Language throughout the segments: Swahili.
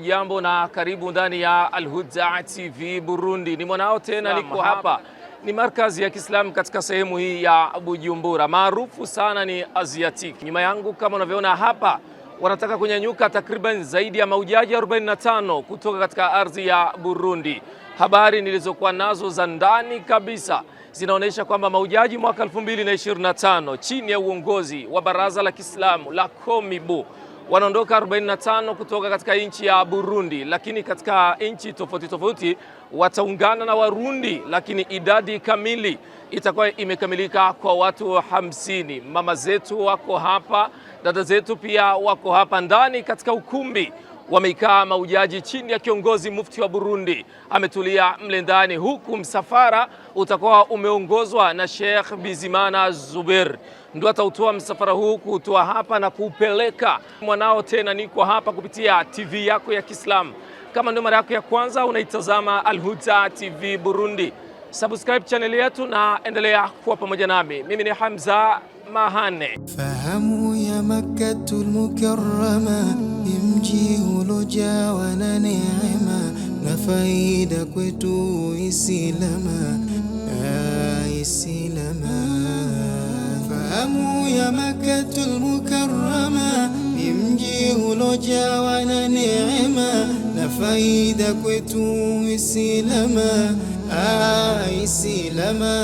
Hujambo na karibu ndani ya Alhuda TV Burundi. Ni mwanao tena, niko hapa ni markazi ya Kiislamu katika sehemu hii ya Bujumbura maarufu sana ni Aziatik. Nyuma yangu kama unavyoona hapa, wanataka kunyanyuka takriban zaidi ya maujaji 45 kutoka katika ardhi ya Burundi. Habari nilizokuwa nazo za ndani kabisa zinaonyesha kwamba maujaji mwaka 2025 chini ya uongozi wa baraza la Kiislamu la Komibu wanaondoka 45 kutoka katika nchi ya Burundi, lakini katika nchi tofauti tofauti wataungana na Warundi, lakini idadi kamili itakuwa imekamilika kwa watu hamsini. Mama zetu wako hapa, dada zetu pia wako hapa ndani katika ukumbi wameikaa maujaji chini ya kiongozi mufti wa Burundi ametulia mle ndani, huku msafara utakuwa umeongozwa na Sheikh Bizimana Zuber ndio atautoa msafara huu kuutoa hapa na kuupeleka mwanao. Tena niko hapa kupitia TV yako ya Kiislamu. Kama ndio mara yako ya kwanza unaitazama Alhuda TV Burundi, subscribe chaneli yetu na endelea kuwa pamoja nami. Mimi ni Hamza Mahane. Fahamu ya Makkatul Mukarrama imjiu ujawa na neema na faida kwetu Uislamu, Uislamu. Eh, Fahamu ya Makkatul Mukarrama ni mji ulojawa na neema na faida kwetu Uislamu, Uislamu.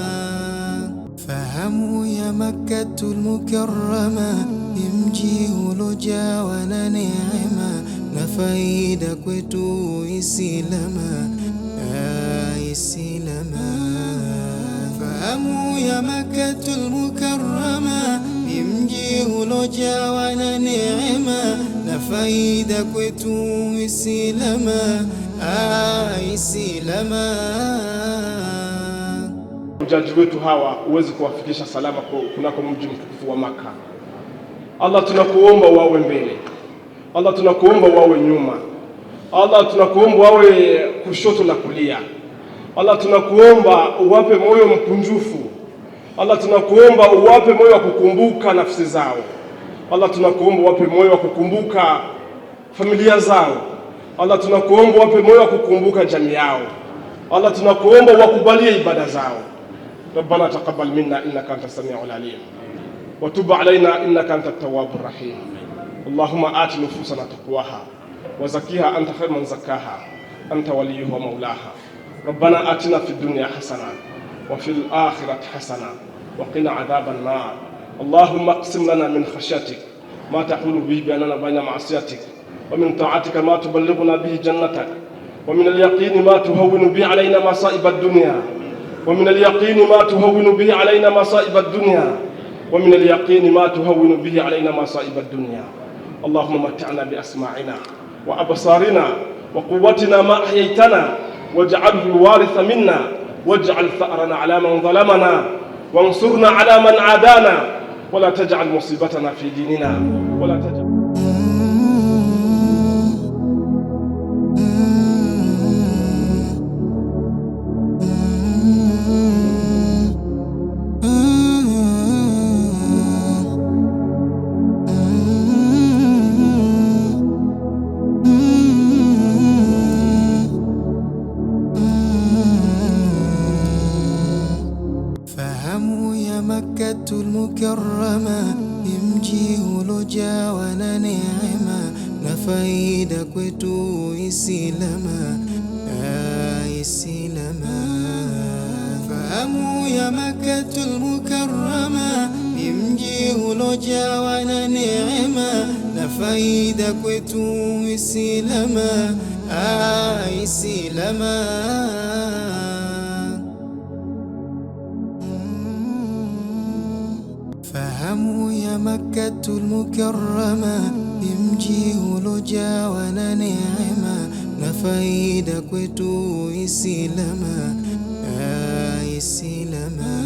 Ah, Fahamu ya Makkatul Mukarrama ni mji ulojawa na neema na faida kwetu Uislamu, Uislamu. Fahamu ya Makkatul Mukarrama ni mji ulojawa na neema na faida kwetu Uislamu, Uislamu. Mahujaji wetu hawa huwezi kuwafikisha salama kunako mji mtukufu wa Maka. Allah, tunakuomba wawe mbele. Allah, tunakuomba wawe nyuma. Allah, tunakuomba wawe kushoto na kulia. Allah, tunakuomba uwape moyo mkunjufu. Allah, tunakuomba uwape moyo wa kukumbuka nafsi zao. Allah, tunakuomba uwape moyo wa kukumbuka familia zao. Allah, tunakuomba uwape moyo wa kukumbuka jamii yao. Allah, tunakuomba uwakubalie ibada zao. Rabbana taqabbal minna innaka antas samiul alim. وتب علينا إنك أنت التواب الرحيم اللهم آت نفوسنا تقواها وزكيها أنت خير من زكاها أنت وليها ومولاها ربنا آتنا في الدنيا حسنة وفي الآخرة حسنة وقنا عذاب النار اللهم اقسم لنا من خشيتك ما تحول به بيننا وبين معصيتك ومن طاعتك ما تبلغنا به جنتك ومن اليقين ما تهون به علينا مصائب الدنيا ومن اليقين ما تهون به علينا مصائب الدنيا ومن اليقين ما تهون به علينا مصائب الدنيا اللهم متعنا بأسماعنا وأبصارنا وقوتنا ما أحييتنا واجعله الوارث منا واجعل ثأرنا على من ظلمنا وانصرنا على من عادانا ولا تجعل مصيبتنا في ديننا ولا تجعل مكه المكرمه امجي ولجا ولا نعما نفايدا كويتو اسلاما آه، يا اسلاما فهموا يا مكه المكرمه امجي ولجا ولا نعما نفايدا كويتو اسلاما آه، يا اسلاما يا مكة المكرمة يمجي ولجا ولا نعمة نفايدة كويتو إسلاما يا إسلاما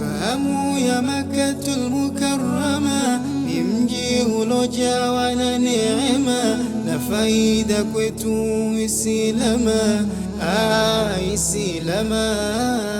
فهموا يا مكة المكرمة يمجي ولجا ولا نعمة نفايدة كويتو إسلاما آه إسلاما آه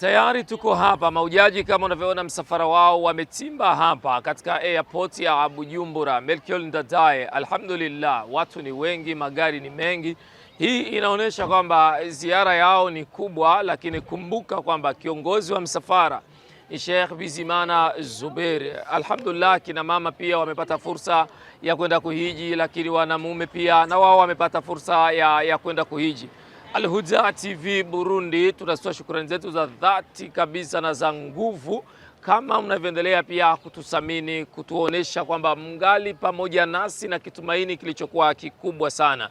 Tayari tuko hapa maujaji, kama unavyoona msafara wao wametimba hapa katika airport ya Bujumbura Melchior Ndadaye. Alhamdulillah, watu ni wengi, magari ni mengi. Hii inaonyesha kwamba ziara yao ni kubwa, lakini kumbuka kwamba kiongozi wa msafara ni Sheikh Bizimana zuber Alhamdulillah, kina mama pia wamepata fursa ya kwenda kuhiji, lakini wanamume pia na wao wamepata fursa ya, ya kwenda kuhiji. Alhuda TV Burundi, tunatoa shukrani zetu za dhati kabisa na za nguvu kama mnavyoendelea pia kutusamini, kutuonesha kwamba mngali pamoja nasi na kitumaini kilichokuwa kikubwa sana.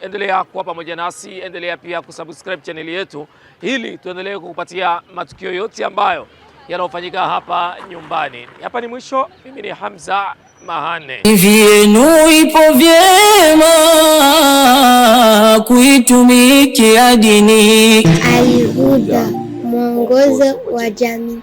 Endelea kuwa pamoja nasi, endelea pia kusubscribe chaneli yetu ili tuendelee kukupatia matukio yote ambayo yanayofanyika hapa nyumbani. Hapa ni mwisho. Mimi ni Hamza mahane. Vyenu ipo vyema kuitumikia dini. Alhuda, mwongozo wa jamii.